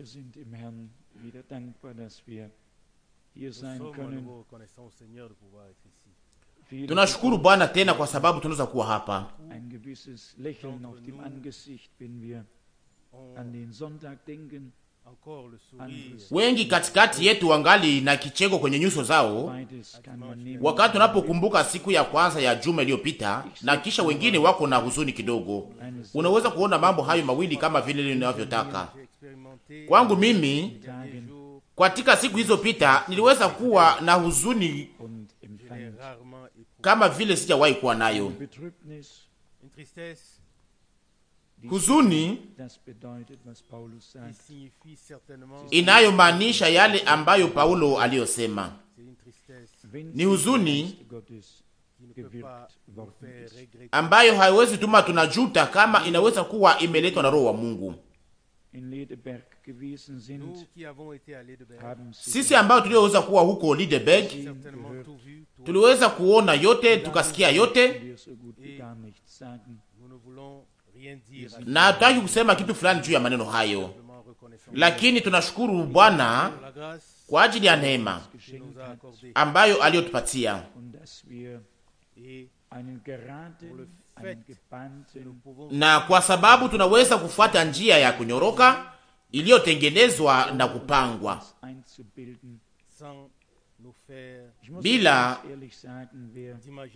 Wir sind im Herrn wieder dankbar, dass wir hier sein können. Tunashukuru Bwana tena kwa sababu tunaweza kuwa hapa. Ein gewisses Lächeln auf dem Angesicht, wenn wir an den Sonntag denken. Wengi katikati yetu wangali na kicheko kwenye nyuso zao wakati unapokumbuka siku ya kwanza ya juma iliyopita, na kisha wengine wako na huzuni kidogo. Unaweza kuona mambo hayo mawili kama vile ninavyotaka. Kwangu mimi, katika siku hizo pita, niliweza kuwa na huzuni kama vile sijawahi kuwa nayo Huzuni inayomaanisha yale ambayo Paulo aliyosema ni huzuni ambayo haiwezi tuma tunajuta, kama inaweza kuwa imeletwa na Roho wa Mungu. Sisi ambayo tulioweza kuwa huko Lideberg tuliweza kuona yote, tukasikia yote na hatutaki kusema kitu fulani juu ya maneno hayo, lakini tunashukuru Bwana kwa ajili ya neema ambayo aliyotupatia na kwa sababu tunaweza kufuata njia ya kunyoroka iliyotengenezwa na kupangwa bila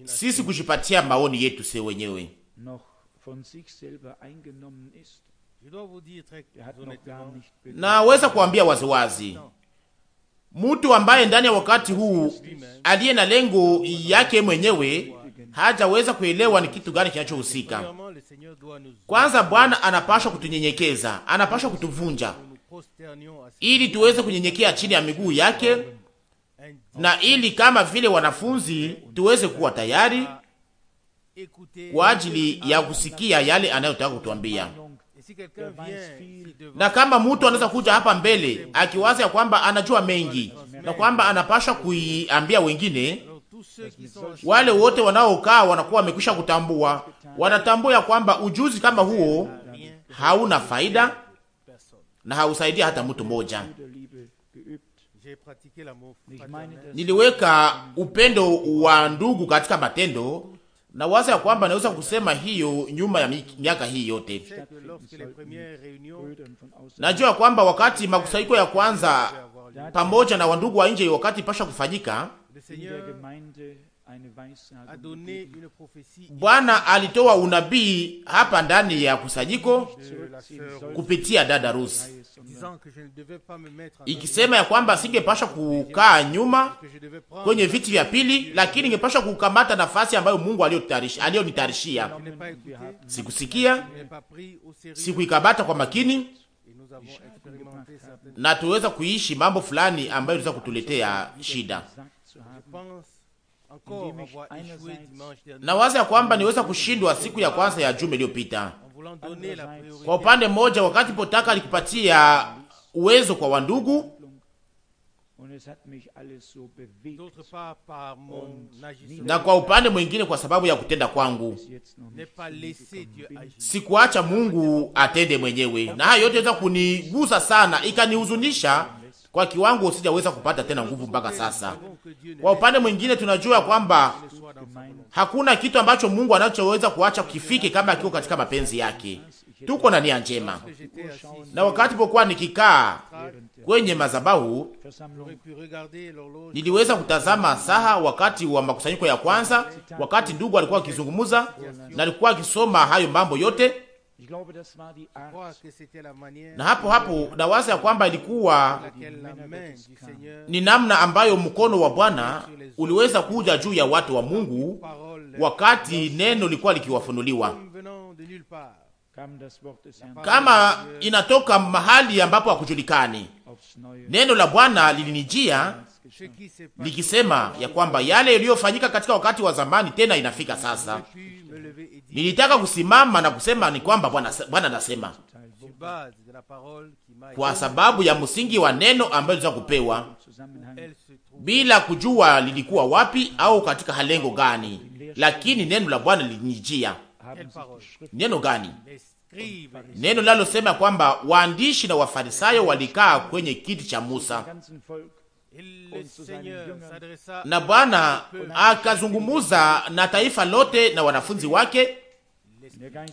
sisi kujipatia maoni yetu se wenyewe von sich selber eingenommen ist. Er Naweza kuambia waziwazi mtu ambaye ndani ya wakati huu aliye na lengo yake mwenyewe hajaweza kuelewa ni kitu gani kinachohusika. Kwanza Bwana anapashwa kutunyenyekeza, anapashwa kutuvunja ili tuweze kunyenyekea chini ya miguu yake, na ili kama vile wanafunzi tuweze kuwa tayari ah, kwa ajili ya kusikia yale anayotaka kutuambia. Na kama mtu anaweza kuja hapa mbele akiwaza ya kwamba anajua mengi na kwamba anapasha kuiambia wengine, wale wote wanaokaa wanakuwa wamekwisha kutambua, wanatambua ya kwamba ujuzi kama huo hauna faida na hausaidia hata mtu mmoja. Niliweka upendo wa ndugu katika matendo na waza ya kwamba naweza kusema hiyo nyuma ya miaka hii yote. Najua kwamba wakati makusanyiko ya kwanza pamoja na wandugu wa nje, wakati pasha kufanyika Bwana alitoa unabii hapa ndani ya kusanyiko kupitia dada Rusi ikisema ya kwamba singepasha kukaa nyuma kwenye viti vya pili, lakini ingepasha kukamata nafasi ambayo Mungu aliyonitarishia. Sikusikia, sikuikamata kwa makini, na tuweza kuishi mambo fulani ambayo inaweza kutuletea shida na waza ya kwamba niweza kushindwa siku ya kwanza ya juma iliyopita. Kwa upande mmoja, wakati potaka alikupatia uwezo kwa wandugu na kwa upande mwingine, kwa sababu ya kutenda kwangu sikuacha Mungu atende mwenyewe, na hayo yote weza kunigusa sana, ikanihuzunisha kwa kiwango sijaweza kupata tena nguvu mpaka sasa. Kwa upande mwingine tunajua kwamba hakuna kitu ambacho Mungu anachoweza kuacha kifike kama akiko katika mapenzi yake. Tuko na nia njema, na wakati pokuwa nikikaa kwenye mazabahu niliweza kutazama saha wakati wa makusanyiko ya kwanza, wakati ndugu alikuwa akizungumza na alikuwa akisoma hayo mambo yote na hapo hapo nawaza ya kwamba ilikuwa ni namna ambayo mkono wa Bwana uliweza kuja juu ya watu wa Mungu wakati neno lilikuwa likiwafunuliwa kama inatoka mahali ambapo hakujulikani. Neno la Bwana lilinijia likisema ya kwamba yale yaliyofanyika katika wakati wa zamani tena inafika sasa, Nilitaka kusimama na kusema ni kwamba Bwana anasema, kwa sababu ya msingi wa neno ambayo za kupewa bila kujua lilikuwa wapi au katika halengo gani, lakini neno la Bwana linijia. Neno gani? Neno lalosema kwamba waandishi na wafarisayo walikaa kwenye kiti cha Musa na Bwana akazungumuza na taifa lote na wanafunzi wake,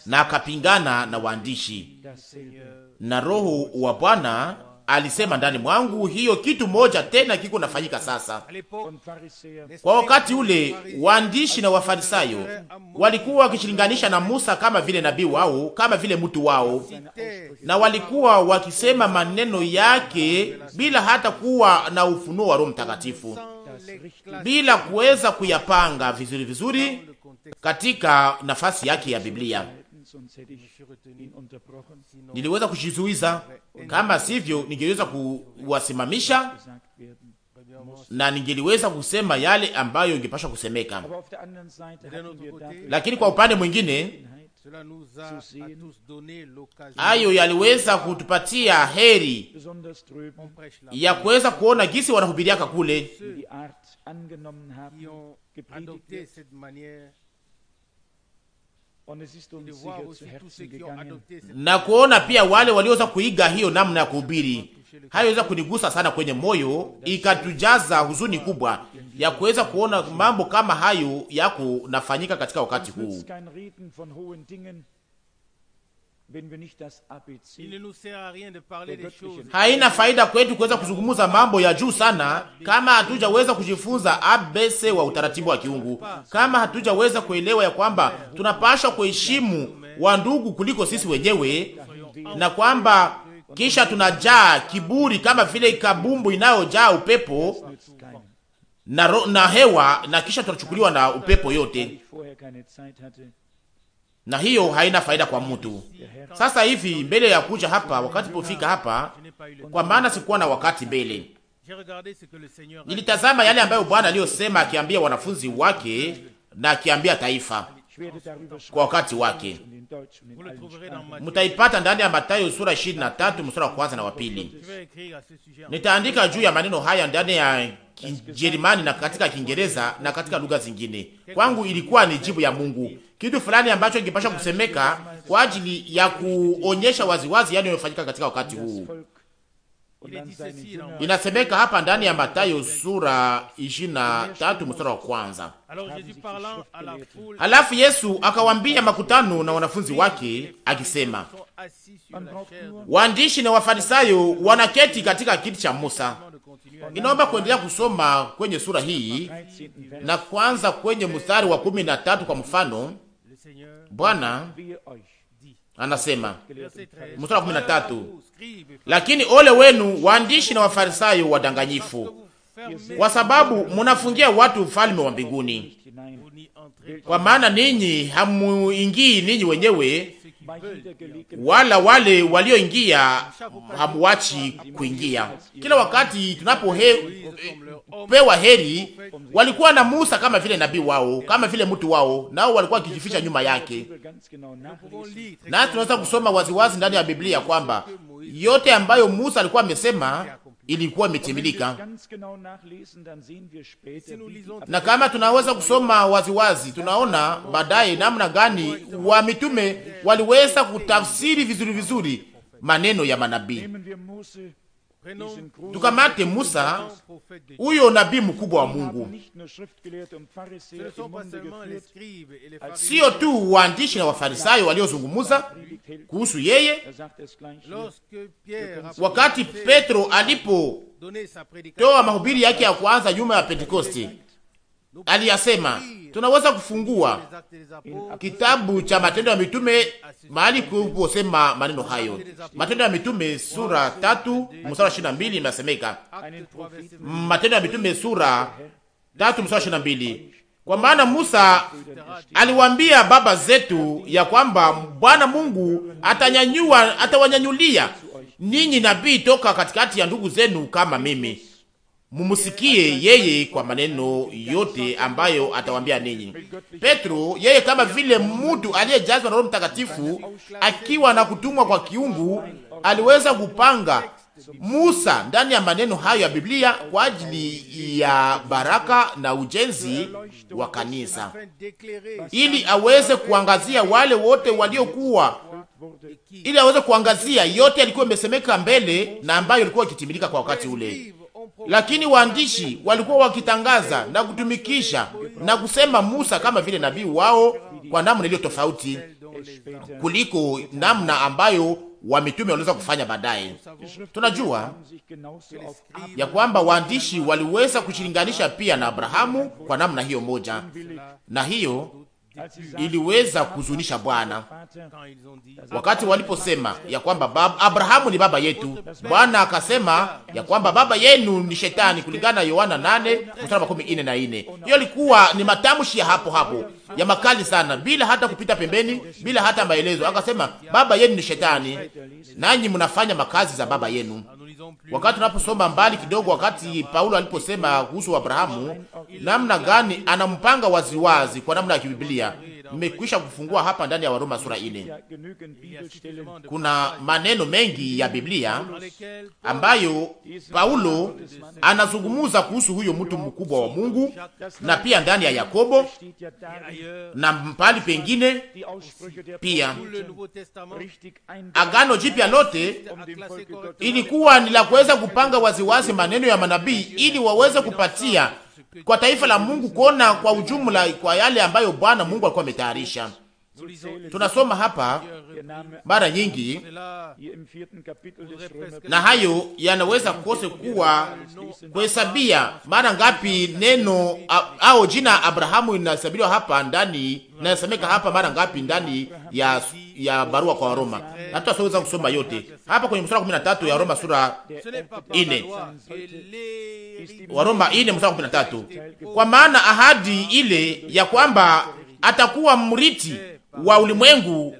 na akapingana na waandishi, na Roho wa Bwana alisema ndani mwangu, hiyo kitu moja tena kiko nafanyika sasa. Kwa wakati ule waandishi na wafarisayo walikuwa wakishilinganisha na Musa kama vile nabii wao, kama vile mtu wao, na walikuwa wakisema maneno yake bila hata kuwa na ufunuo wa Roho Mtakatifu, bila kuweza kuyapanga vizuri vizuri katika nafasi yake ya Biblia. Niliweza kujizuiza kama sivyo, ningeweza kuwasimamisha na ningeliweza kusema yale ambayo ingepashwa kusemeka, lakini kwa upande mwingine hayo yaliweza kutupatia heri ya kuweza kuona gisi wanahubiriaka kule na kuona pia wale walioweza kuiga hiyo namna ya kuhubiri. Hayo weza kunigusa sana kwenye moyo, ikatujaza huzuni kubwa ya kuweza kuona mambo kama hayo yako nafanyika katika wakati huu haina faida kwetu kuweza kuzungumza mambo ya juu sana kama hatujaweza kujifunza abese wa utaratibu wa kiungu, kama hatujaweza kuelewa ya kwamba tunapasha kuheshimu wandugu kuliko sisi wenyewe, na kwamba kisha tunajaa kiburi kama vile kabumbu inayojaa upepo na, ro, na hewa na kisha tunachukuliwa na upepo yote na hiyo haina faida kwa mtu. Sasa hivi mbele ya kuja hapa, wakati pofika hapa, kwa maana sikuwa na wakati mbele, nilitazama yale ambayo Bwana aliyosema akiambia wanafunzi wake na akiambia taifa kwa wakati wake. Mutaipata ndani ya Mathayo sura 23 mstari wa kwanza na wa pili. Nitaandika juu ya maneno haya ndani ya Kijerumani na katika Kiingereza na katika lugha zingine. Kwangu ilikuwa ni jibu ya Mungu kitu fulani ambacho ingepasha kusemeka kwa ajili ya kuonyesha waziwazi yale yanayofanyika katika wakati huu. Inasemeka hapa ndani ya Mathayo sura 23 mstari wa kwanza. Halafu Yesu akawambia makutano na wanafunzi wake akisema, waandishi na wafarisayo wanaketi katika kiti cha Musa. Inaomba kuendelea kusoma kwenye sura hii na kwanza kwenye mstari wa 13 kwa mfano Bwana anasema mstari wa kumi na tatu, lakini ole wenu waandishi na wafarisayo wadanganyifu, kwa sababu munafungia watu ufalme wa mbinguni, kwa maana ninyi hamuingii ninyi wenyewe wala wale walioingia hamuwachi kuingia. Kila wakati tunapopewa he, heri, walikuwa na Musa kama vile nabii wao, kama vile mtu wao, nao walikuwa wakijificha nyuma yake. Na tunaweza kusoma waziwazi ndani ya Biblia kwamba yote ambayo Musa alikuwa amesema ilikuwa imetimilika. Na kama tunaweza kusoma waziwazi wazi, tunaona baadaye namna gani wa mitume waliweza kutafsiri vizuri vizuri maneno ya manabii. Tukamate Musa, huyo nabii mkubwa wa Mungu, sio tu waandishi na wafarisayo waliozungumuza, kuhusu yeye. Wakati Petro alipotoa mahubiri yake ya kwanza nyuma ya Pentekoste, aliyasema tunaweza kufungua kitabu cha Matendo ya Mitume mahali kuposema maneno hayo. Matendo ya Mitume sura tatu mstari ishirini na mbili inasemeka, Matendo ya Mitume sura tatu mstari ishirini na mbili kwa maana Musa aliwaambia baba zetu ya kwamba Bwana Mungu atanyanyua, atawanyanyulia ninyi nabii toka katikati ya ndugu zenu kama mimi, mumusikie yeye kwa maneno yote ambayo atawaambia ninyi. Petro yeye kama vile mtu aliyejazwa na Roho Mtakatifu akiwa na kutumwa kwa kiungu aliweza kupanga Musa ndani ya maneno hayo ya Biblia kwa ajili ya baraka na ujenzi wa kanisa, ili aweze kuangazia wale wote waliokuwa, ili aweze kuangazia yote yalikuwa imesemeka mbele na ambayo yalikuwa yakitimilika kwa wakati ule. Lakini waandishi walikuwa wakitangaza na kutumikisha na kusema Musa kama vile nabii wao kwa namna iliyo tofauti kuliko namna ambayo wa mitume waliweza kufanya baadaye. Tunajua ya kwamba waandishi waliweza kushilinganisha pia na Abrahamu kwa namna hiyo moja, na hiyo iliweza kuzunisha Bwana wakati waliposema ya kwamba Abrahamu ni baba yetu. Bwana akasema ya kwamba baba yenu ni shetani, kulingana na Yohana 8 mstari na Hiyo ilikuwa ni matamshi ya hapo hapo ya makali sana, bila hata kupita pembeni, bila hata maelezo. Akasema baba yenu ni shetani, nanyi mnafanya makazi za baba yenu. Wakati tunaposoma mbali kidogo, wakati Paulo aliposema kuhusu Abrahamu, namna gani anampanga waziwazi kwa namna ya kibiblia Mmekwisha kufungua hapa ndani ya Waroma sura ile, kuna maneno mengi ya Biblia ambayo Paulo anazungumuza kuhusu huyo mtu mkubwa wa Mungu, na pia ndani ya Yakobo na mpali pengine pia. Agano Jipya lote ilikuwa ni la kuweza kupanga waziwazi maneno ya manabii ili waweze kupatia kwa taifa la Mungu kuona kwa ujumla kwa yale ambayo Bwana Mungu alikuwa ametayarisha tunasoma hapa mara nyingi, na hayo yanaweza kose kuwa kuhesabia mara ngapi neno au jina Abrahamu inahesabiwa hapa ndani nasemeka hapa mara ngapi ndani ya ya barua kwa waroma Hata sasa kusoma yote hapa kwenye mstari wa 13 ya Roma sura 4. Waroma 4 mstari wa 13. Kwa maana ahadi ile ya kwamba atakuwa mriti wa ulimwengu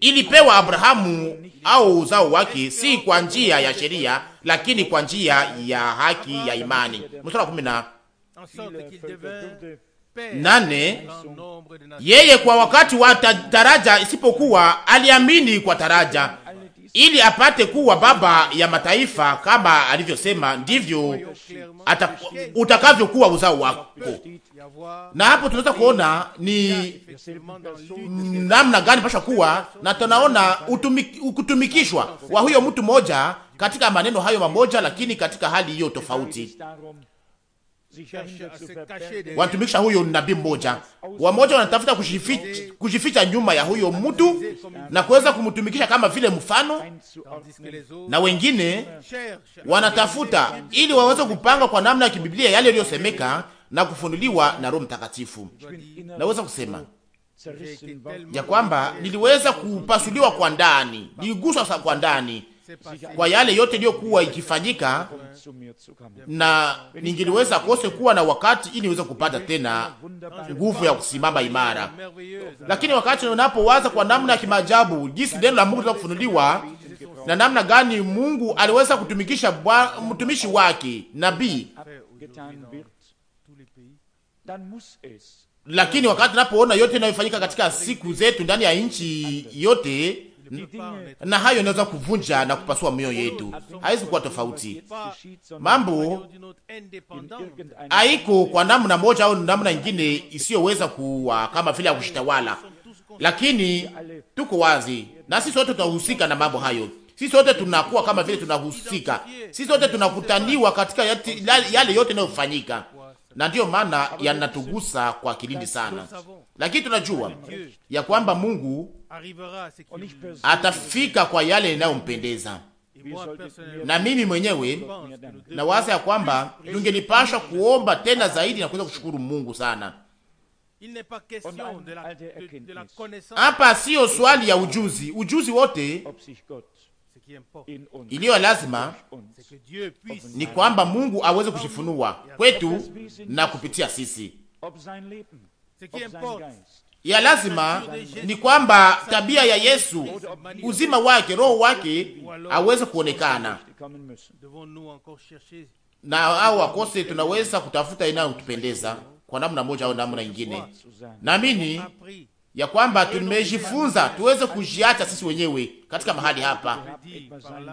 ilipewa Abrahamu au uzao wake, si kwa njia ya sheria, lakini kwa njia ya haki ya imani. Mstari kumi na nane, yeye kwa wakati wa taraja isipokuwa aliamini kwa taraja ili apate kuwa baba ya mataifa kama alivyosema, ndivyo utakavyokuwa uzao wako. Na hapo tunaweza kuona ni namna gani pasha kuwa na, tunaona kutumikishwa wa huyo mtu mmoja katika maneno hayo mamoja, lakini katika hali hiyo tofauti wanatumikisha huyo nabii mmoja. Wamoja wanatafuta kujificha, kujificha nyuma ya huyo mtu na kuweza kumtumikisha kama vile mfano, na wengine wanatafuta ili waweze kupanga kwa namna ya kibiblia yale yaliyosemeka na kufunuliwa na Roho Mtakatifu. Naweza kusema ya kwamba niliweza kupasuliwa kwa ndani, niliguswa kwa ndani kwa yale yote iliyokuwa ikifanyika, na ningeliweza kose kuwa na wakati ili niweze kupata tena nguvu ya kusimama imara. Lakini wakati unapowaza kwa namna ya kimaajabu jinsi neno la Mungu kufunuliwa na namna gani Mungu aliweza kutumikisha mtumishi wake nabii, lakini wakati napoona yote inayofanyika katika siku zetu ndani ya nchi yote na hayo inaweza kuvunja na kupasua mioyo yetu, haiwezi kuwa tofauti. Mambo haiko kwa namna moja au namna nyingine isiyoweza kuwa kama vile ya kushitawala, lakini tuko wazi na sisi sote tunahusika na mambo hayo. Sisi sote tunakuwa kama vile tunahusika, sisi sote tunakutaniwa katika yale yote yanayofanyika na ndiyo maana yanatugusa kwa kilindi sana, lakini tunajua ya kwamba Mungu atafika kwa yale inayompendeza na mimi mwenyewe na waza ya kwamba tungenipasha kuomba tena zaidi na kuweza kushukuru Mungu sana. Hapa siyo swali ya ujuzi, ujuzi wote iliyo lazima ni kwamba Mungu aweze kujifunua kwetu na kupitia sisi. Ya lazima ni kwamba tabia ya Yesu, uzima wake, roho wake aweze kuonekana na au akose, tunaweza kutafuta inayotupendeza kwa namna moja au namna ingine. Naamini ya kwamba tumejifunza tuweze kujiacha sisi wenyewe katika mahali hapa,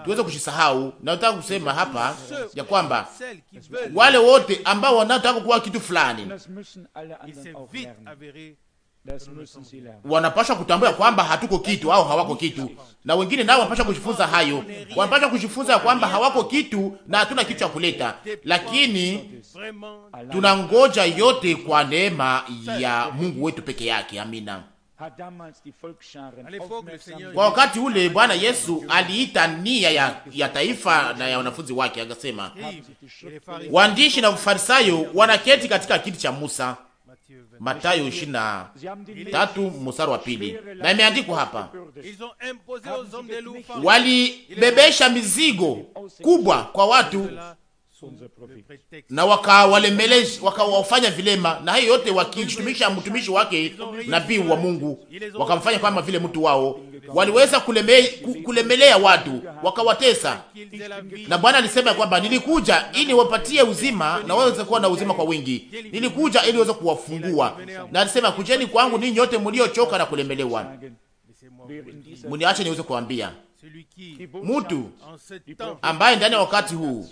tuweze kujisahau. Na nataka kusema hapa ya kwamba wale wote ambao wanataka kuwa kitu fulani wanapasha kutambua kwamba hatuko kitu au hawako kitu, na wengine nao wanapasha kujifunza hayo. Wanapasha kujifunza kwamba hawako kitu na hatuna kitu cha kuleta, lakini tunangoja yote kwa neema ya Mungu wetu peke yake. Amina. Kwa wakati ule Bwana Yesu aliita nia ya, ya taifa na ya wanafunzi wake, akasema, waandishi na Mfarisayo wanaketi katika kiti cha Musa Matayo ishirini na tatu mstari wa pili, na imeandikwa hapa, walibebesha mizigo kubwa kwa watu na wakawafanya vilema, na hayo yote wakishtumisha mtumishi wake nabii wa Mungu, wakamfanya kama vile mtu wao. Waliweza kuleme, kulemelea watu wakawatesa, na Bwana alisema kwamba nilikuja ili wapatie uzima na waweze kuwa na uzima kwa wingi, nilikuja ili waweze kuwafungua. Na alisema kujeni kwangu ninyi nyote mliochoka na kulemelewa, mniache niweze kuambia mutu ambaye ndani ya wakati huu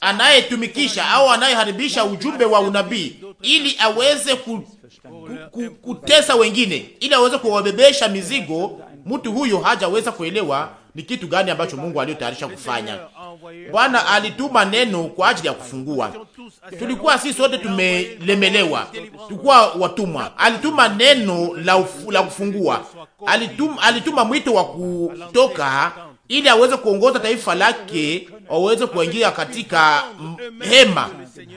anayetumikisha au anayeharibisha ujumbe wa unabii ili aweze ku, ku, ku, kutesa wengine, ili aweze kuwabebesha mizigo. Mtu huyo hajaweza kuelewa ni kitu gani ambacho Mungu aliyotayarisha kufanya. Bwana alituma neno kwa ajili ya kufungua. Tulikuwa sisi sote tumelemelewa, tulikuwa watumwa. Alituma neno la, ufu, la kufungua. Alituma, alituma mwito wa kutoka ili aweze kuongoza taifa lake waweze kuingia katika hema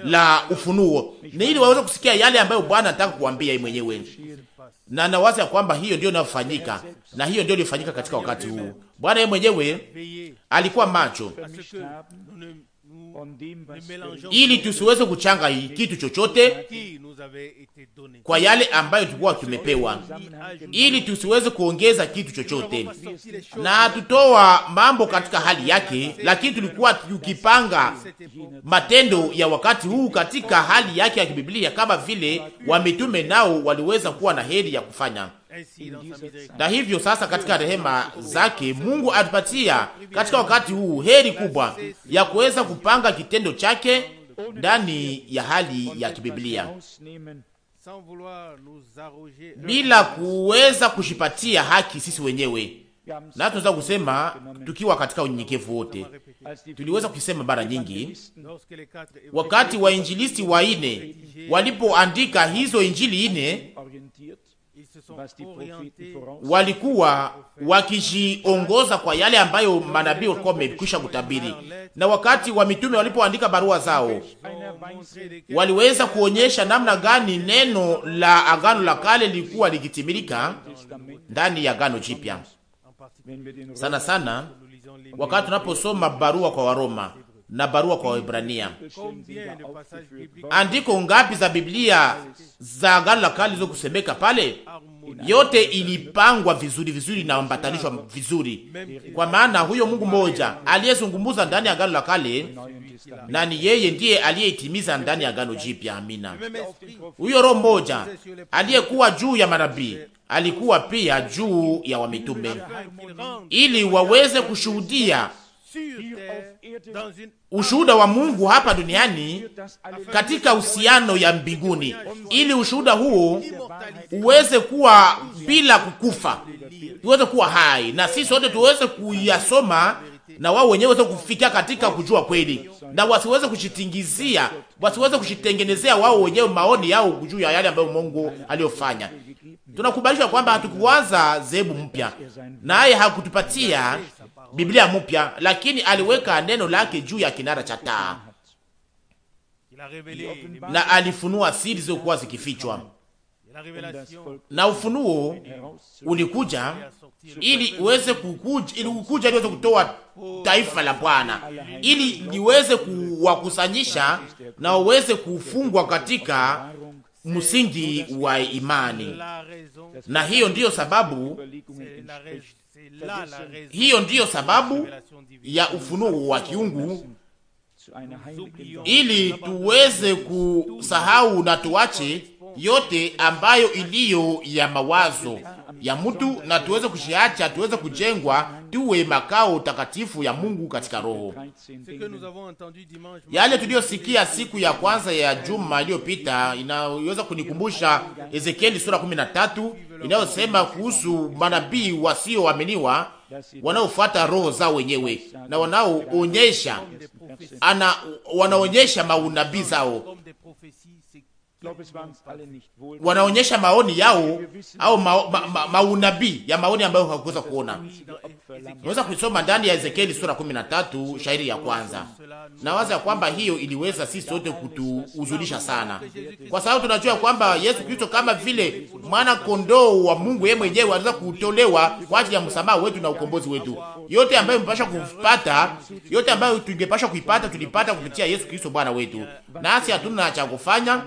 la ufunuo, na ili waweze kusikia yale ambayo Bwana anataka kuambia yeye mwenyewe, na nawaza ya kwamba hiyo ndio inayofanyika na hiyo ndio ilifanyika katika wakati huu. Bwana yeye mwenyewe alikuwa macho ili tusiweze kuchanga hii kitu chochote kwa yale ambayo tulikuwa tumepewa, ili tusiweze kuongeza kitu chochote, na tutoa mambo katika hali yake, lakini tulikuwa tukipanga matendo ya wakati huu katika hali yake ya kibiblia, kama vile wamitume nao waliweza kuwa na heri ya kufanya. Eh, na hivyo sasa, katika rehema zake Mungu atupatia katika wakati huu heri kubwa ya kuweza kupanga kitendo chake ndani ya hali ya kibiblia bila kuweza kushipatia haki sisi wenyewe, na tunaweza kusema tukiwa katika unyenyekevu wote. Tuliweza kusema mara nyingi, wakati wa injilisti wa ine walipoandika hizo injili ine walikuwa wakijiongoza kwa yale ambayo manabii walikuwa wamekwisha kutabiri, na wakati wa mitume walipoandika barua zao waliweza kuonyesha namna gani neno la agano la kale lilikuwa likitimilika ndani ya agano jipya. Sana sana wakati tunaposoma barua kwa Waroma na barua kwa Waebrania. Andiko ngapi za Biblia za Agano la Kale zilizokusemeka pale? Yote ilipangwa vizuri vizuri na ambatanishwa vizuri, kwa maana huyo Mungu mmoja aliyezungumza ndani ya Agano la Kale na ni yeye ndiye aliyeitimiza ndani ya Agano Jipya. Amina. Huyo Roho mmoja aliyekuwa juu ya manabii alikuwa pia juu ya wamitume ili waweze kushuhudia ushuhuda wa Mungu hapa duniani katika uhusiano ya mbinguni, ili ushuhuda huo uweze kuwa bila kukufa, uweze kuwa hai, na sisi wote tuweze kuyasoma na wao wenyewe waweze kufikia katika kujua kweli, na wasiweze kushitingizia, wasiweze kushitengenezea wao wenyewe maoni yao juu ya yale ambayo Mungu aliyofanya tunakubalishwa kwamba hatukuwaza zebu mpya, naye hakutupatia Biblia mpya, lakini aliweka neno lake juu ya kinara cha taa na alifunua siri zilizokuwa zikifichwa, na ufunuo ulikuja ili uweze kukuja, ili ukuja liweze kutoa taifa la Bwana, ili liweze kuwakusanyisha na uweze kufungwa katika msingi wa imani, na hiyo ndiyo sababu hiyo ndiyo sababu ya ufunuo wa kiungu, ili tuweze kusahau na tuache yote ambayo iliyo ya mawazo ya mtu na tuweze kushiacha, tuweze kujengwa, tuwe makao takatifu ya Mungu katika Roho. Yale tuliyosikia siku ya kwanza ya juma iliyopita inaweza kunikumbusha Ezekieli sura 13 inayosema kuhusu manabii wasioaminiwa wanaofuata roho zao wenyewe na wanaoonyesha ana wanaonyesha maunabii zao wanaonyesha maoni yao au ma, ma, ma, ya maoni ambayo hakuweza kuona. Unaweza kusoma ndani ya Ezekieli sura 13 shairi ya kwanza. Nawaza ya kwamba hiyo iliweza sisi sote kutuhuzunisha sana, kwa sababu tunajua kwamba Yesu Kristo kama vile mwana kondoo wa Mungu, yeye mwenyewe aliweza kutolewa kwa ajili ya msamaha wetu na ukombozi wetu. Yote ambayo mpasha kupata, yote ambayo tungepasha kuipata, tulipata kupitia Yesu Kristo Bwana wetu, nasi hatuna cha kufanya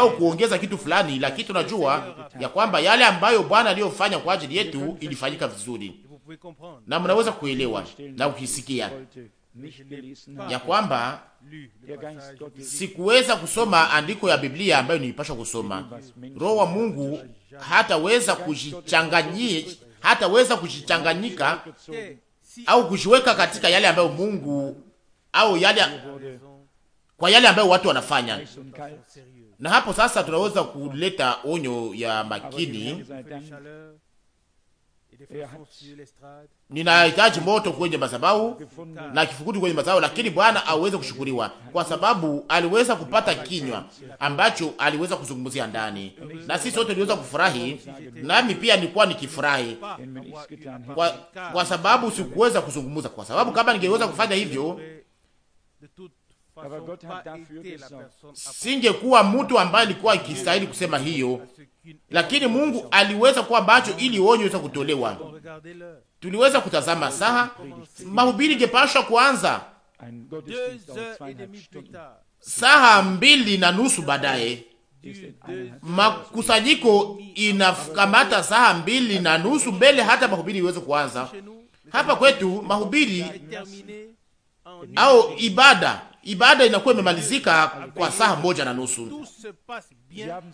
au kuongeza kitu fulani, lakini tunajua ya kwamba yale ambayo Bwana aliyofanya kwa ajili yetu ilifanyika vizuri, na mnaweza kuelewa na kuisikia ya kwamba sikuweza kusoma andiko ya Biblia ambayo nilipashwa kusoma. Roho wa Mungu hataweza kujichanganyia, hataweza kujichanganyika au kujiweka katika yale ambayo Mungu au yale kwa yale ambayo watu wanafanya na hapo sasa tunaweza kuleta onyo ya makini. Eh, Ninahitaji moto kwenye madhabahu na kifukuti kwenye madhabahu, lakini Bwana aweze kushukuriwa kwa sababu aliweza kupata kinywa ambacho aliweza kuzungumzia ndani, na sisi sote tuliweza kufurahi, nami pia nilikuwa nikifurahi kwa, kwa sababu sikuweza kuzungumza, kwa sababu kama ningeweza kufanya hivyo singekuwa mtu ambaye alikuwa ikistahili kusema hiyo, lakini Mungu aliweza kuwa macho ili onyo iweze kutolewa. Tuliweza kutazama saha, mahubiri ingepashwa kuanza saha mbili na nusu baadaye. Makusanyiko inakamata saha mbili na nusu mbele hata mahubiri iweze kuanza. Hapa kwetu mahubiri au ibada ibada inakuwa imemalizika kwa saa moja na nusu,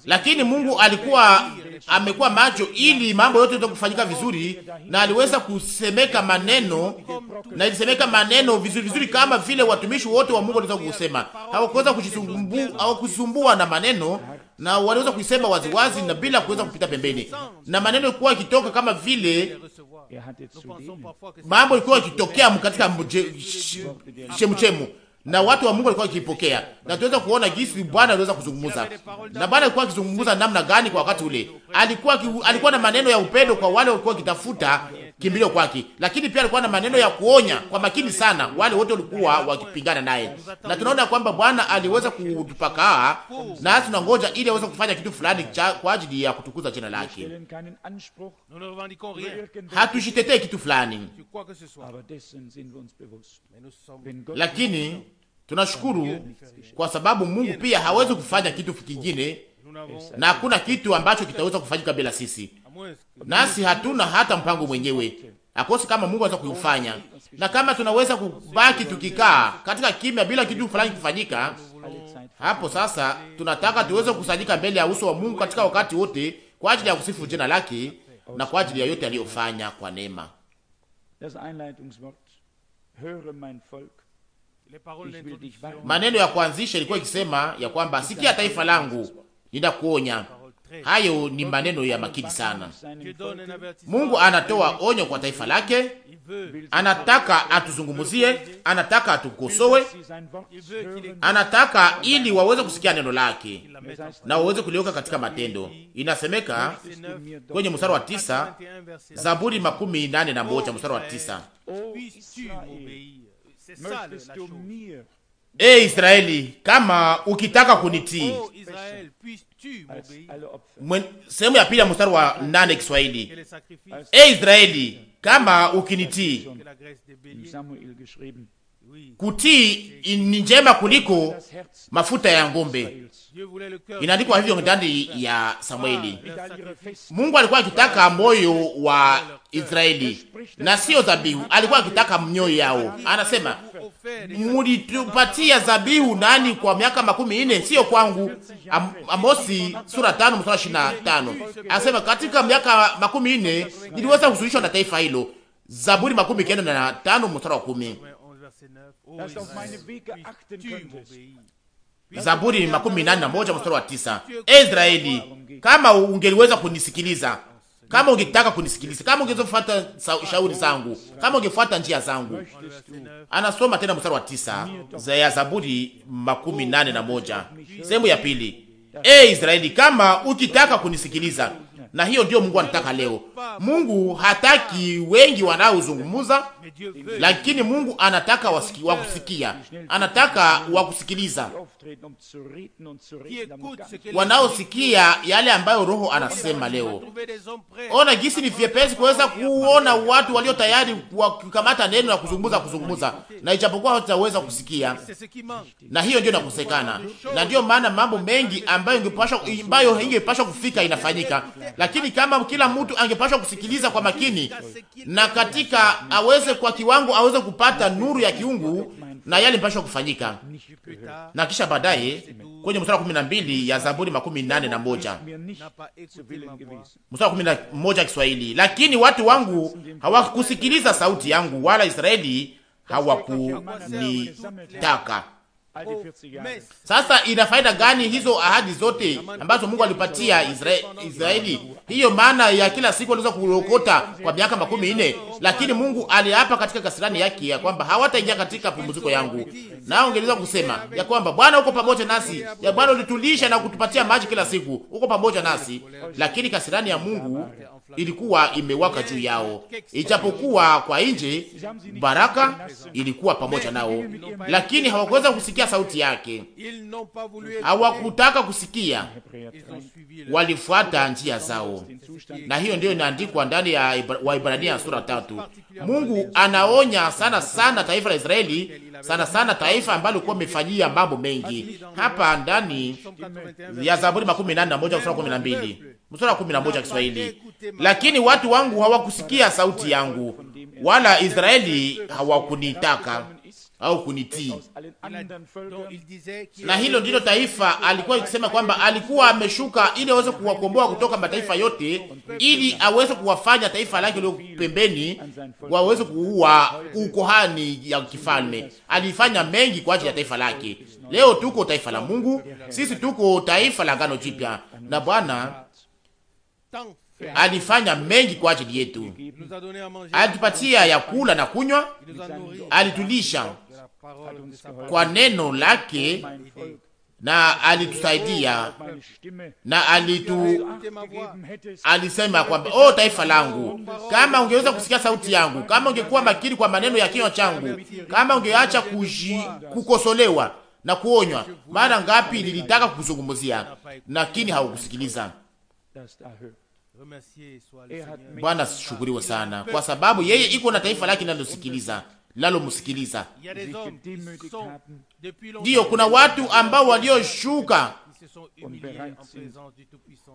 lakini Mungu alikuwa amekuwa macho ili mambo yote yote kufanyika vizuri, na aliweza kusemeka maneno na ilisemeka maneno vizuri vizuri, kama vile watumishi wote wa Mungu waliweza kusema. Hawakuweza kujisumbua au kusumbua na maneno, na waliweza kuisema waziwazi na bila kuweza kupita pembeni, na maneno yalikuwa ikitoka kama vile mambo ilikuwa ikitokea katika chemchemu na watu wa Mungu walikuwa wakipokea, na tuweza kuona jinsi Bwana aliweza kuzungumza, na Bwana alikuwa akizungumza namna gani kwa wakati ule. Alikuwa alikuwa na maneno ya upendo kwa wale walikuwa wakitafuta kimbilio kwake, lakini pia alikuwa na maneno ya kuonya kwa makini sana wale wote walikuwa wakipingana naye, na tunaona kwamba Bwana aliweza kutupakaa, na tunangoja ili aweze kufanya kitu fulani cha kwa ajili ya kutukuza jina lake. hatushitetee kitu fulani, lakini tunashukuru kwa sababu Mungu pia hawezi kufanya kitu kingine na hakuna kitu ambacho kitaweza kufanyika bila sisi, nasi hatuna hata mpango mwenyewe akosi kama Mungu anaweza kuifanya. Na kama tunaweza kubaki tukikaa katika kimya bila kitu fulani kufanyika, hapo sasa tunataka tuweze kukusanyika mbele ya uso wa Mungu katika wakati wote kwa ajili ya kusifu jina lake na kwa ajili ya yote aliyofanya kwa neema. Maneno ya kuanzisha ilikuwa ikisema ya kwamba sikia taifa langu ninakuonya. Hayo ni maneno ya makini sana. Mungu anatoa onyo kwa taifa lake, anataka atuzungumuzie, anataka atukosowe, anataka ili waweze kusikia neno lake na waweze kuliweka katika matendo. Inasemeka kwenye mstari wa tisa, Zaburi makumi nane na moja mstari wa tisa E Israeli, kama ukitaka kunitii. Oh, sehemu ya pili ya mstari wa nane Kiswahili. E Israeli, kama ukinitii kutii ni njema kuliko mafuta ya ng'ombe. Inaandikwa hivyo ndani ya Samueli. Mungu alikuwa akitaka moyo wa Israeli na sio dhabihu, alikuwa akitaka mioyo yao. Anasema, mulitupatia dhabihu nani kwa miaka makumi nne, sio kwangu. Am, Amosi sura tano mstari ishirini na tano anasema katika miaka makumi nne niliweza kusulishwa na taifa hilo. Zaburi makumi kenda na tano mstari wa kumi. Zaburi makumi nane na moja mstari wa tisa. Israeli, kama ungeliweza kunisikiliza, kama ungetaka kunisikiliza, kama ungezofuata shauri zangu, kama ungefuata njia zangu. Anasoma tena mstari wa tisa ya Zaburi makumi nane na moja sehemu ya pili. E Israeli, kama ukitaka kunisikiliza na hiyo ndiyo Mungu anataka leo. Mungu hataki wengi wanaozungumza, lakini Mungu anataka wasiki, wakusikia, anataka wakusikiliza, wanaosikia yale ambayo Roho anasema leo. Ona gisi ni vyepesi kuweza kuona watu walio tayari kukamata neno na kuzungumuza, kuzungumuza, na ijapokuwa hataweza kusikia, na hiyo ndio inakosekana, na ndiyo maana mambo mengi ambayo ingepashwa ambayo ingepashwa kufika inafanyika, lakini lakini kama kila mtu angepashwa kusikiliza kwa makini na katika aweze kwa kiwango aweze kupata nuru ya kiungu na yale mpashwa kufanyika. Na kisha baadaye kwenye mstari wa 12 ya Zaburi makumi nane na moja mstari wa 11 Kiswahili, lakini watu wangu hawakusikiliza sauti yangu, wala Israeli hawakunitaka. Sasa ina faida gani hizo ahadi zote ambazo Mungu alipatia Israeli, Hiyo maana ya kila siku aliweza kuokota kwa miaka makumi nne, lakini Mungu aliapa katika kasirani yake ya kwamba hawataingia katika pumziko yangu. Nao ungeweza kusema ya kwamba Bwana uko pamoja nasi, ya Bwana ulitulisha na kutupatia maji kila siku, uko pamoja nasi, lakini kasirani ya Mungu ilikuwa imewaka juu yao, ijapokuwa kwa nje baraka ilikuwa pamoja nao, lakini hawakuweza kusikia sauti yake, hawakutaka kusikia, walifuata njia zao, na hiyo ndiyo inaandikwa ndani ya Waibrania sura tatu. Mungu anaonya sana sana taifa la Israeli, sana sana taifa ambalo likuwa imefanyia mambo mengi. Hapa ndani ya Zaburi makumi nane na moja mstari kumi na mbili msura kumi na moja Kiswahili lakini watu wangu hawakusikia sauti yangu, wala Israeli hawakunitaka au kunitii. Na hilo ndilo taifa alikuwa akisema kwamba alikuwa ameshuka ili aweze kuwakomboa kutoka mataifa yote, ili aweze kuwafanya taifa lake lio pembeni waweze kuua ukohani ya kifalme. Alifanya mengi kwa ajili ya taifa lake. Leo tuko taifa la Mungu, sisi tuko taifa la ngano jipya na Bwana alifanya mengi kwa ajili yetu, alitupatia ya kula na kunywa, alitulisha kwa neno lake na alitusaidia na alitu, alisema kwamba oh, taifa langu, kama ungeweza kusikia sauti yangu, kama ungekuwa makini kwa maneno ya kinywa changu, kama ungeacha kuji, kukosolewa na kuonywa mara ngapi nilitaka kukuzungumzia, lakini haukusikiliza. Eh, Bwana shukuriwe sana, kwa sababu yeye iko na taifa lake linalosikiliza linalomsikiliza. Ndiyo, kuna watu ambao walioshuka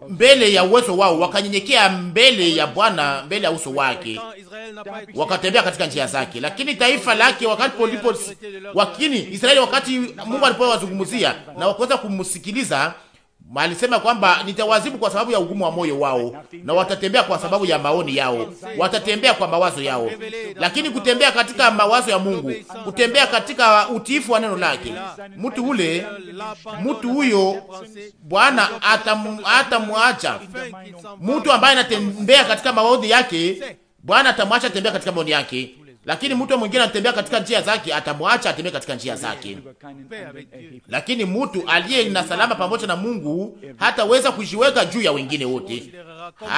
mbele ya uwezo wao, wakanyenyekea mbele ya Bwana, mbele ya uso wake, wakatembea katika njia zake. Lakini taifa lake wakati polipo, wakini Israeli, wakati Mungu alipowazungumzia na wakaweza kumsikiliza Alisema kwamba nitawazibu kwa sababu ya ugumu wa moyo wao, na watatembea kwa sababu ya maoni yao, watatembea kwa mawazo yao. Lakini kutembea katika mawazo ya Mungu, kutembea katika utiifu wa neno lake, mtu ule, mtu huyo Bwana atamwacha. Mtu ambaye anatembea katika mawazo yake, Bwana atamwacha tembea katika maoni yake. Lakini mtu mwingine anatembea katika njia zake, atamwacha atembee katika njia zake. Lakini mtu aliye na salama pamoja na Mungu hataweza kujiweka juu ya wengine wote,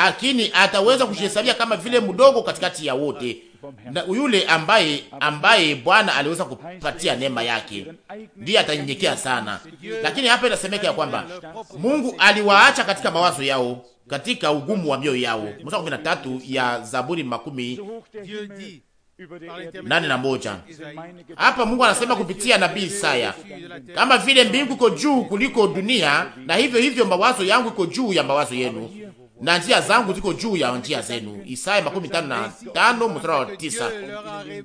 lakini ataweza kujihesabia kama vile mdogo katikati ya wote, na yule ambaye ambaye Bwana aliweza kupatia neema yake ndiye atanyenyekea sana. Lakini hapa inasemeka ya kwamba Mungu aliwaacha katika mawazo yao, katika ugumu wa mioyo yao. Mstari 13 ya Zaburi makumi nane na moja. Hapa Mungu anasema kupitia nabii Isaya, kama vile mbingu iko juu kuliko dunia, na hivyo hivyo mawazo yangu iko juu ya mawazo yenu na njia zangu ziko juu ya njia zenu. Isaya makumi tano na tano mstari wa tisa.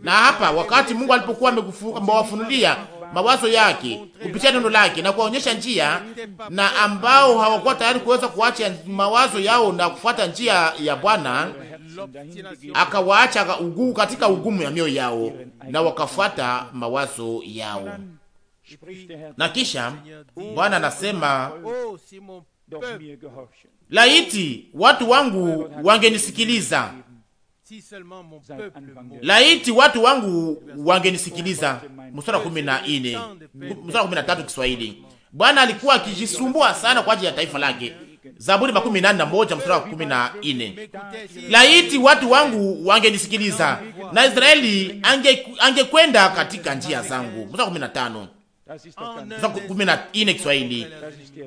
Na hapa wakati Mungu alipokuwa amewafunulia mawazo yake kupitia neno lake na kuwaonyesha njia, na ambao hawakuwa tayari kuweza kuacha mawazo yao na kufuata njia ya Bwana akawaacha uguu katika ugumu ya mioyo yao na wakafuata mawazo yao. Na kisha Bwana anasema laiti watu wangu wangenisikiliza, laiti watu wangu wangenisikiliza. Mstari wa kumi na nne mstari wa kumi na tatu Kiswahili. Bwana alikuwa akijisumbua sana kwa ajili ya taifa lake Zaburi makumi nane na moja mstari wa kumi na ine. Laiti watu wangu wangenisikiliza na Israeli angekwenda ange katika njia zangu. Mstari wa kumi na tano kumi na ine Kiswahili,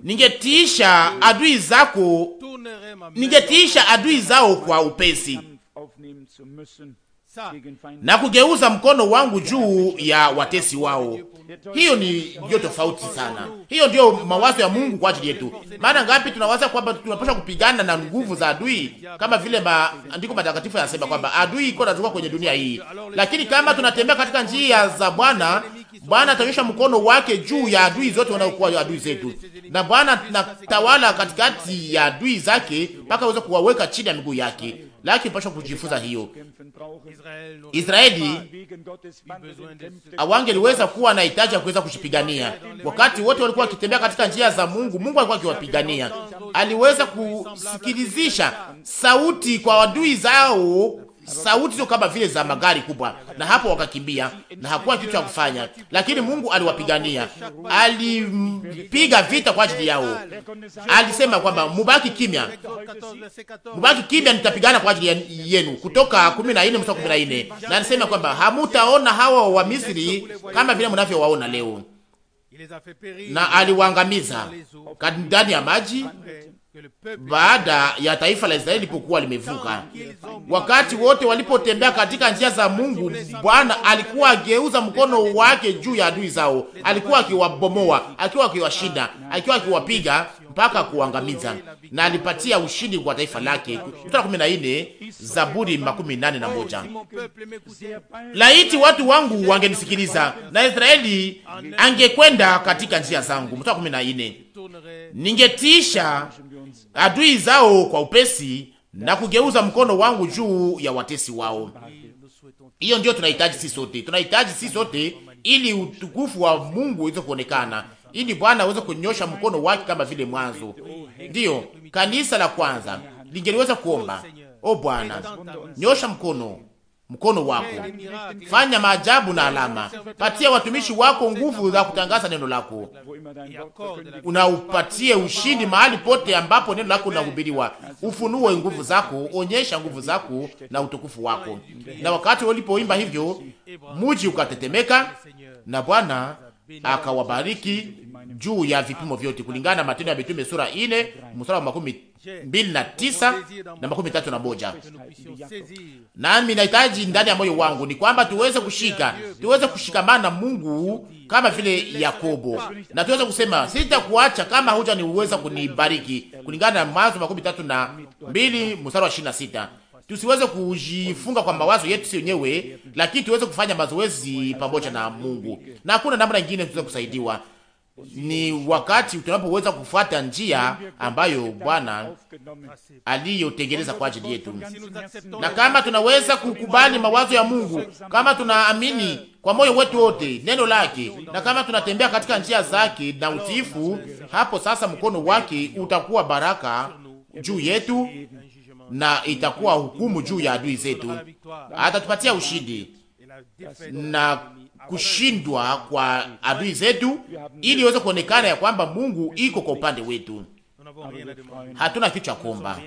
ningetiisha adui zako, ningetiisha adui zao kwa upesi na kugeuza mkono wangu juu ya watesi wao. Hiyo ni ndio tofauti sana, hiyo ndiyo mawazo ya Mungu kwa ajili yetu. Maana ngapi tunawaza kwamba tunapaswa kupigana na nguvu za adui, kama vile maandiko matakatifu yanasema kwamba adui iko natuka kwenye dunia hii, lakini kama tunatembea katika njia za Bwana, Bwana atanyosha mkono wake juu ya adui zote wanaokuwa adui zetu, na Bwana natawala katikati ya adui zake mpaka aweze kuwaweka chini ya miguu yake laki pasha kujifunza hiyo. Israeli liweza kuwa na hitaji ya kuweza kushipigania wakati wote, walikuwa wakitembea katika njia za Mungu. Mungu alikuwa akiwapigania, aliweza kusikilizisha sauti kwa wadui zao sauti sio kama vile za magari kubwa, na hapo wakakimbia na hakuwa kitu cha kufanya, lakini Mungu aliwapigania, alipiga vita kwa ajili yao. Alisema kwamba mubaki kimya, mubaki kimya, nitapigana kwa ajili yenu, Kutoka 14 mstari 14. Na alisema kwamba hamutaona hawa wa Misri kama vile mnavyowaona leo, na aliwaangamiza ndani ya maji baada ya taifa la Israeli lipokuwa limevuka, wakati wote walipotembea katika njia za Mungu, Bwana alikuwa ageuza mkono wake juu ya adui zao, alikuwa akiwabomoa, akiwa akiwashinda, akiwa akiwapiga mpaka kuangamiza, na alipatia ushindi kwa taifa lake. Sura 14 Zaburi makumi nane na moja. Laiti watu wangu wangenisikiliza, na Israeli angekwenda katika njia zangu. Sura 14 ningetiisha adui zao kwa upesi na kugeuza mkono wangu juu ya watesi wao. Hiyo ndiyo tunahitaji sisi sote, tunahitaji sisi sote, ili utukufu wa Mungu uweze kuonekana, ili Bwana aweze kunyosha mkono wake kama vile mwanzo. Ndiyo kanisa la kwanza lingeliweza kuomba, o Bwana, nyosha mkono mkono wako, fanya maajabu na alama, patia watumishi wako nguvu za kutangaza neno lako, unaupatie ushindi mahali pote ambapo neno lako linahubiriwa. Ufunue nguvu zako, onyesha nguvu zako na utukufu wako. Na wakati walipoimba hivyo, muji ukatetemeka na Bwana akawabariki juu ya vipimo vyote, kulingana na Matendo ya Mitume sura ine mstari wa makumi 29 na makumi tatu na moja. Nami nahitaji ndani ya moyo wangu ni kwamba tuweze kushika, tuweze kushikamana Mungu kama vile Yakobo, na tuweze kusema sitakuacha kama huja niweza kunibariki, kulingana na Mwanzo makumi tatu na mbili mstari wa 26. Tusiweze kujifunga kwa mawazo yetu si wenyewe, lakini tuweze kufanya mazoezi pamoja na Mungu, na hakuna namna ingine tuweze kusaidiwa ni wakati tunapoweza kufuata njia ambayo Bwana aliyotengeneza kwa ajili yetu, na kama tunaweza kukubali mawazo ya Mungu, kama tunaamini kwa moyo wetu wote neno lake, na kama tunatembea katika njia zake na utiifu, hapo sasa mkono wake utakuwa baraka juu yetu na itakuwa hukumu juu ya adui zetu, atatupatia ushindi na kushindwa kwa adui zetu, ili iweze kuonekana ya kwamba Mungu iko kwa upande wetu. Hatuna kitu cha kuomba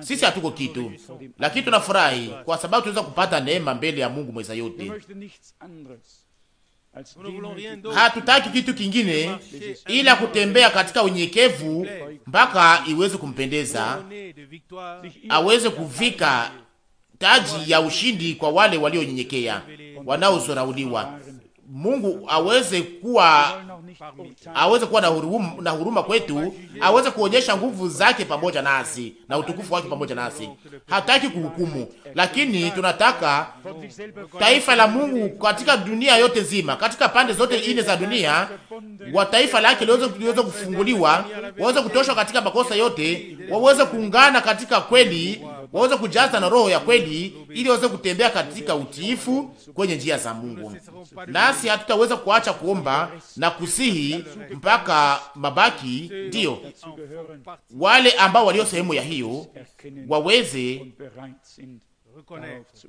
sisi, hatuko kitu, lakini tunafurahi kwa sababu tunaweza kupata neema mbele ya Mungu mweza yote. Hatutaki kitu kingine ila kutembea katika unyenyekevu mpaka iweze kumpendeza, aweze kuvika taji ya ushindi kwa wale walionyenyekea, wanaozorauliwa. Mungu aweze kuwa aweze kuwa na huruma, na huruma kwetu, aweze kuonyesha nguvu zake pamoja nasi na utukufu wake pamoja nasi. Hataki kuhukumu, lakini tunataka taifa la Mungu katika dunia yote zima, katika pande zote nne za dunia, wa taifa lake liweze kufunguliwa, waweze kutoshwa katika makosa yote, waweze kuungana katika kweli waweze kujaza na roho ya kweli, ili waweze kutembea katika utiifu kwenye njia za Mungu. Nasi hatutaweza kuacha kuomba na kusihi mpaka mabaki, ndiyo wale ambao walio sehemu ya hiyo waweze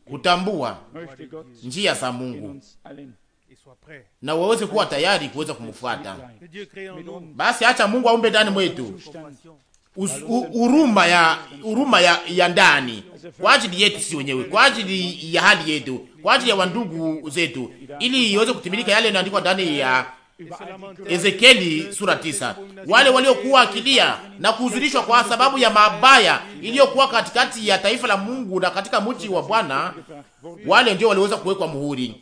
kutambua njia za Mungu na waweze kuwa tayari kuweza kumfuata. Basi acha Mungu aumbe ndani mwetu huruma ya huruma ya, ya ndani kwa ajili yetu si wenyewe, kwa ajili ya hali yetu, kwa ajili ya wandugu zetu, ili iweze kutimilika yale yanayoandikwa ndani ya Ezekieli sura tisa, wale waliokuwa akilia na kuhuzunishwa kwa sababu ya mabaya iliyokuwa katikati ya taifa la Mungu na katika mji wa Bwana, wale ndio waliweza kuwekwa muhuri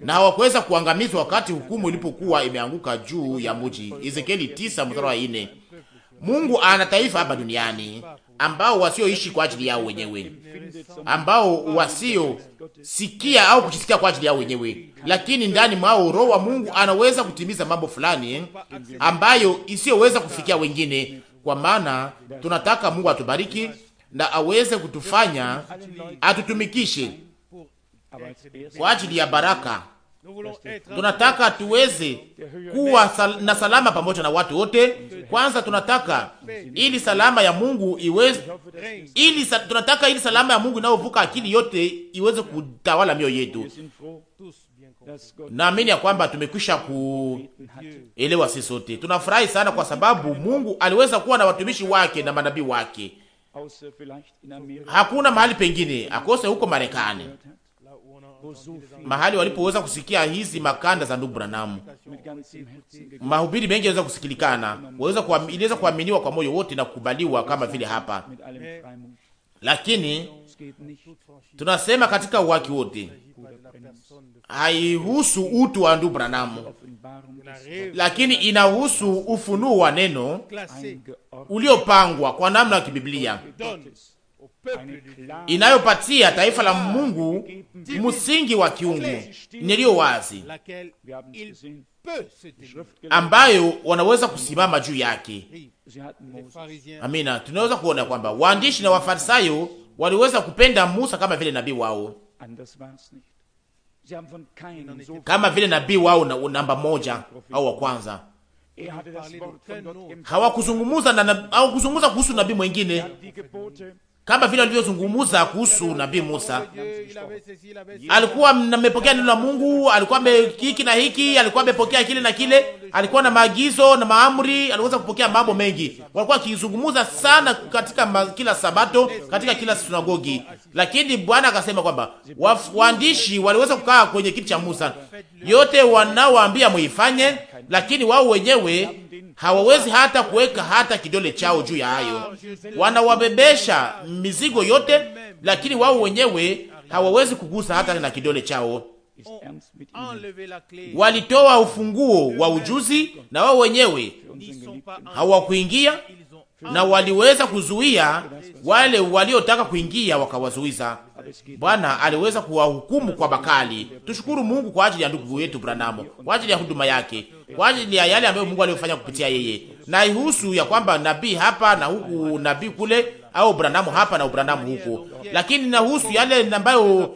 na hawakuweza kuangamizwa wakati hukumu ilipokuwa imeanguka juu ya mji. Ezekieli tisa mstari wa nne. Mungu ana taifa hapa duniani ambao wasioishi kwa ajili yao wenyewe, ambao wasiosikia au kujisikia kwa ajili yao wenyewe, lakini ndani mwao roho wa Mungu anaweza kutimiza mambo fulani ambayo isiyoweza kufikia wengine. Kwa maana tunataka Mungu atubariki na aweze kutufanya atutumikishe kwa ajili ya baraka Tunataka tuweze kuwa sal na salama pamoja na watu wote. Kwanza tunataka ili salama ya Mungu iweze ili sa, tunataka ili salama ya Mungu inayovuka akili yote iweze kutawala mioyo yetu. Naamini ya kwamba tumekwisha kuelewa sisi sote. Tunafurahi sana kwa sababu Mungu aliweza kuwa na watumishi wake na manabii wake. Hakuna mahali pengine akose huko Marekani mahali walipoweza kusikia hizi makanda za ndugu Branamu. Mahubiri mengi yaweza kusikilikana, waweza kuweza kuaminiwa kwa moyo wote na kukubaliwa kama vile hapa, lakini tunasema katika uwaki wote haihusu utu wa ndugu branamu lakini inahusu ufunuo wa neno uliopangwa kwa namna ya kibiblia inayopatia taifa la Mungu msingi wa kiungu niliyo wazi ambayo wanaweza kusimama juu yake. Amina. Tunaweza kuona kwamba waandishi na wafarisayo waliweza kupenda Musa kama vile nabii wao, kama vile nabii wao na namba moja au wa kwanza. hawakuzungumza na, kuhusu nabii mwengine kama vile alivyozungumza kuhusu nabii Musa. Alikuwa amepokea neno la Mungu, alikuwa hiki na hiki, alikuwa amepokea kile na kile, alikuwa na maagizo na maamri, aliweza kupokea mambo mengi. Walikuwa akizungumza sana katika kila Sabato, katika kila sinagogi, lakini Bwana akasema kwamba waandishi waliweza kukaa kwenye kiti cha Musa, yote wanaoambia muifanye, lakini wao wenyewe hawawezi hata kuweka hata kidole chao juu ya hayo. Wanawabebesha mizigo yote, lakini wao wenyewe hawawezi kugusa hata na kidole chao. Walitoa ufunguo wa ujuzi na wao wenyewe hawakuingia, na waliweza kuzuia wale waliotaka kuingia, wakawazuiza. Bwana aliweza kuwahukumu kwa bakali. Tushukuru Mungu kwa ajili ya ndugu yetu branamo kwa ajili ya huduma yake kwa ajili ya yale ambayo Mungu aliyofanya kupitia yeye, na ihusu ya kwamba nabii hapa na huku, nabii kule, au Branham hapa na Branham huku, lakini inahusu yale ambayo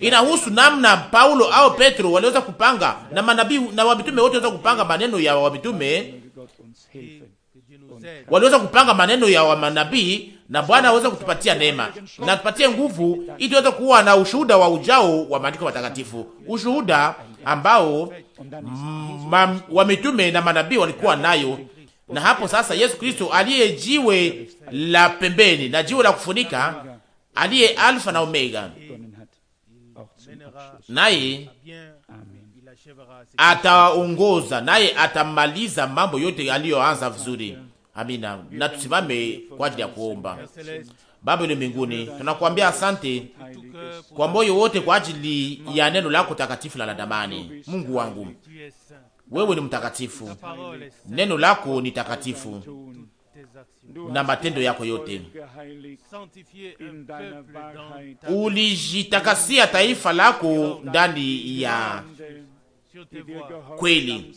inahusu namna Paulo au Petro waliweza kupanga na manabii na wabitume wote waliweza kupanga maneno ya wabitume, waliweza kupanga maneno ya manabii na Bwana aweze kutupatia neema na tupatie nguvu, ili tuweze kuwa na ushuhuda wa ujao wa maandiko matakatifu, ushuhuda ambao mm, wa mitume na manabii walikuwa nayo. Na hapo sasa Yesu Kristo aliye jiwe la pembeni na jiwe la kufunika, aliye Alfa na Omega, naye ataongoza, naye atamaliza mambo yote aliyoanza vizuri. Amina, na tusimame kwa ajili ya kuomba. Baba yule mbinguni, tunakuambia asante kwa moyo wote kwa ajili ya neno lako takatifu la ladamani. Mungu wangu, wewe ni mtakatifu, neno lako ni takatifu na matendo yako yote. Ulijitakasia taifa lako ndani ya kweli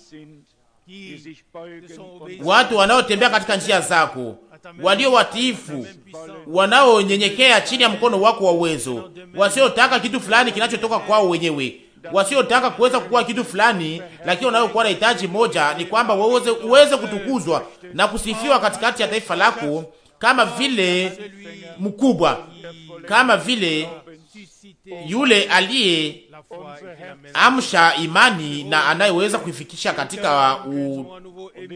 watu wanaotembea katika njia zako, walio watiifu, wanaonyenyekea chini ya mkono wako wa uwezo, wasiotaka kitu fulani kinachotoka kwao wenyewe, wasiotaka kuweza kukuwa kitu fulani, lakini wanayokuwa na hitaji moja ni kwamba uweze, uweze kutukuzwa na kusifiwa katikati ya taifa lako kama vile mkubwa, kama vile yule aliye amsha imani na anayeweza kuifikisha katika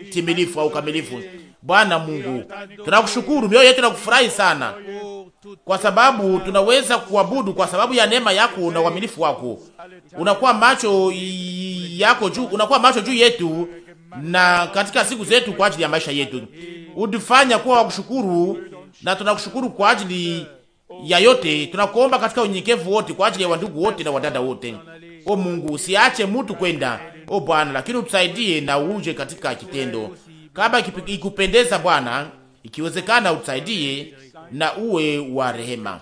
utimilifu au ukamilifu. Bwana Mungu, tunakushukuru, mioyo yetu inakufurahi sana, kwa sababu tunaweza kuabudu kwa sababu ya neema yako na uaminifu wako. Unakuwa macho yako juu, unakuwa macho juu yetu na katika siku zetu kwa ajili ya maisha yetu, utufanya kuwa wakushukuru, na tunakushukuru kwa ajili Oh. ya yote tunakuomba katika unyenyekevu wote kwa ajili ya wandugu wote na wadada wote. O Mungu, usiache mtu kwenda, o Bwana, lakini utusaidie na uje katika kitendo, kama ikupendeza Bwana, ikiwezekana utusaidie na uwe wa rehema.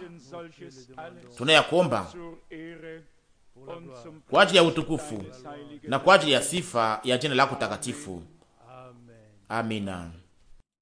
Tunayakuomba kwa ajili ya utukufu na kwa ajili ya sifa ya jina lako takatifu. Amina.